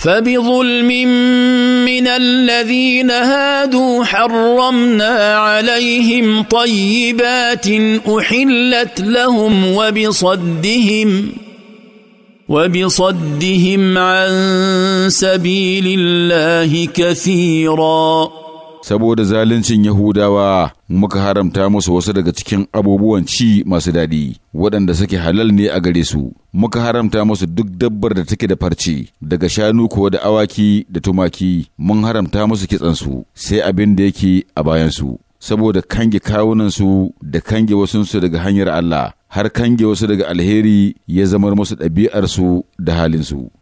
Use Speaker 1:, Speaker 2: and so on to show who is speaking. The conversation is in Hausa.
Speaker 1: فبظلم من الذين هادوا حرمنا عليهم طيبات احلت لهم وبصدهم وبصدهم عن
Speaker 2: سبيل الله كثيرا saboda zaluncin Yahudawa muka haramta musu wasu daga cikin abubuwan ci masu daɗi waɗanda suke halal ne a gare su muka haramta musu duk dabbar da take da farce daga shanu kuwa da awaki da tumaki mun haramta musu su sai abin da yake a bayansu saboda kange kawunansu da kange wasunsu daga hanyar Allah har kange wasu daga alheri ya zamar musu su da halin su.